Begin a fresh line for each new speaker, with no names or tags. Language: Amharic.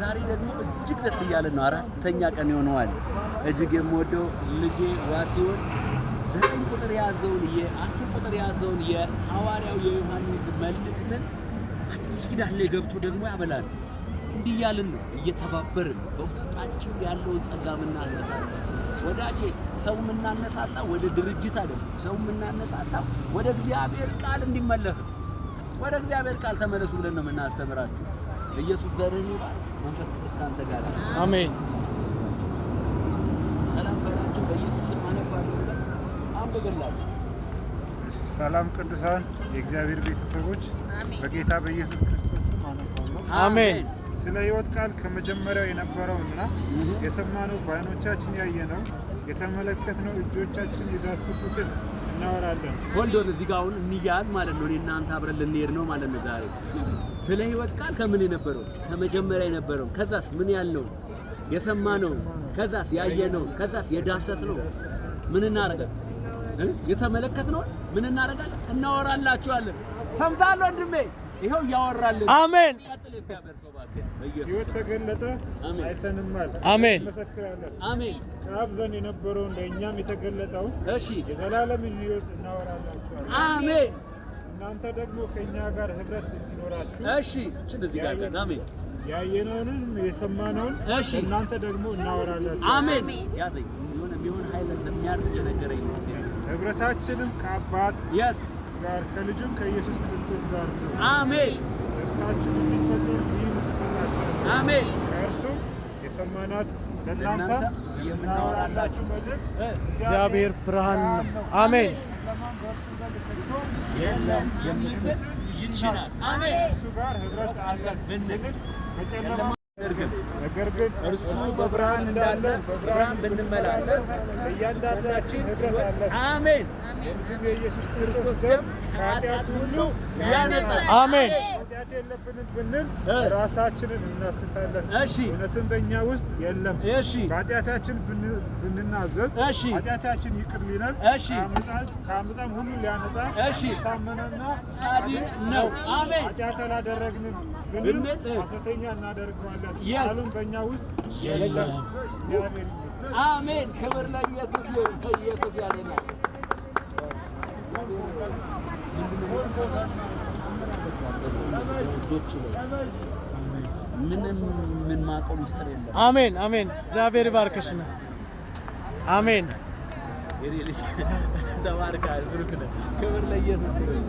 ዛሬ ደግሞ እጅግ ደስ እያለን ነው። አራተኛ ቀን ይሆነዋል። እጅግ የምወደው ልጄ ዋሲሁን ዘጠኝ ቁጥር የያዘውን የአስር ቁጥር የያዘውን የሐዋርያው የዮሐንስ መልእክትን አዲስ ኪዳን ላይ ገብቶ ደግሞ ያበላል። እንዲህ እያልን ነው እየተባበርን በውስጣችን ያለውን ጸጋ ምናነሳሳ ወዳጄ፣ ሰው የምናነሳሳ ወደ ድርጅት አይደለም። ሰው የምናነሳሳ ወደ እግዚአብሔር ቃል እንዲመለስ ወደ እግዚአብሔር ቃል ተመለሱ ብለን ነው የምናስተምራችሁ። ኢየሱስ ዘርህን ይውጣል። መንፈስ ቅዱስ ካንተ ጋር
አሜን።
ሰላም በላቸው በኢየሱስ ስም አነባለሁ ብለህ አንብብላቸው።
ሰላም ቅዱሳን የእግዚአብሔር ቤተሰቦች በጌታ በኢየሱስ ክርስቶስ ስም አነባለሁ አሜን። ስለ ህይወት ቃል ከመጀመሪያው የነበረውና የሰማነው በዓይኖቻችን ያየነው የተመለከትነው እጆቻችን የዳሰሱትን እናወራለን።
ሆልዶን እዚህ ጋር አሁን እንያዝ ማለት ነው። እኔ እናንተ አብረን ልንሄድ ነው ማለት ነው ዛሬ ስለ ህይወት ቃል ከምን የነበረው ከመጀመሪያ የነበረው ከዛስ ምን ያልነው የሰማነው ከዛስ ያየነው ከዛስ የዳሰስነው ምን እናደርጋለን? የተመለከትነው ምን እናደርጋለን? እናወራላችኋለን። ሰምታለሁ ወንድሜ፣ ይኸው እያወራልን።
አሜን።
ህይወት ተገለጠ፣ አይተንማል፣
አሜን፣ መሰክራለን፣
አሜን። ከአብ ዘንድ የነበረው ለእኛም የተገለጠው እሺ፣ የዘላለምን ህይወት እናወራላችኋለን። አሜን እናንተ ደግሞ ከኛ ጋር ህብረት እንዲኖራችሁ
እሺ ጋር አሜን
ያየነውንም የሰማነውን እሺ እናንተ ደግሞ እናወራላችሁ።
አሜን። ያዘኝ ነው
ህብረታችንም ከአባት ጋር ከልጁም ከኢየሱስ ክርስቶስ ጋር ነው። አሜን። ደስታችሁ እንዲፈጸም ይህ እንጽፍላችኋለን። አሜን። ከእርሱም የሰማናት ለእናንተ የምናወራላችሁ ምድር
እግዚአብሔር ብርሃን ነው። አሜን።
የለም የምትል ይችላል።
እሱ
ጋር ህብረት አለን በጨለማ ነገር ግን
እርሱ በብርሃን እንዳለ በብርሃን ብንመላለስ ለእያንዳንዳችን
አሜን።
የኢየሱስ ክርስቶስ ደም ከኃጢአት ሁሉ ያነጻል። አሜን። እውነት የለብንም ብንል ራሳችንን እናስታለን። እውነትን በእኛ ውስጥ የለም። በኃጢአታችን ብንናዘዝ እሺ ኃጢአታችን ይቅር ይላል፣ ከአመፃም ሁሉ ሊያነጻ የታመነና ጻድቅ ነው። ኃጢአት አላደረግንም ብንል ሐሰተኛ እናደርገዋለን፣ ቃሉም በእኛ ውስጥ የለም። እግዚአብሔር
ይመስገን። አሜን። ክብር ለኢየሱስ ይሁን። ኢየሱስ ያለናል
Thank እጆች ነው። ምንም ምን ማቆም ሚስጥር የለም።
አሜን አሜን። እግዚአብሔር ይባርክሽ ነው። አሜን። ተባርካል። ብሩክ ነህ። ክብር ለኢየሱስ።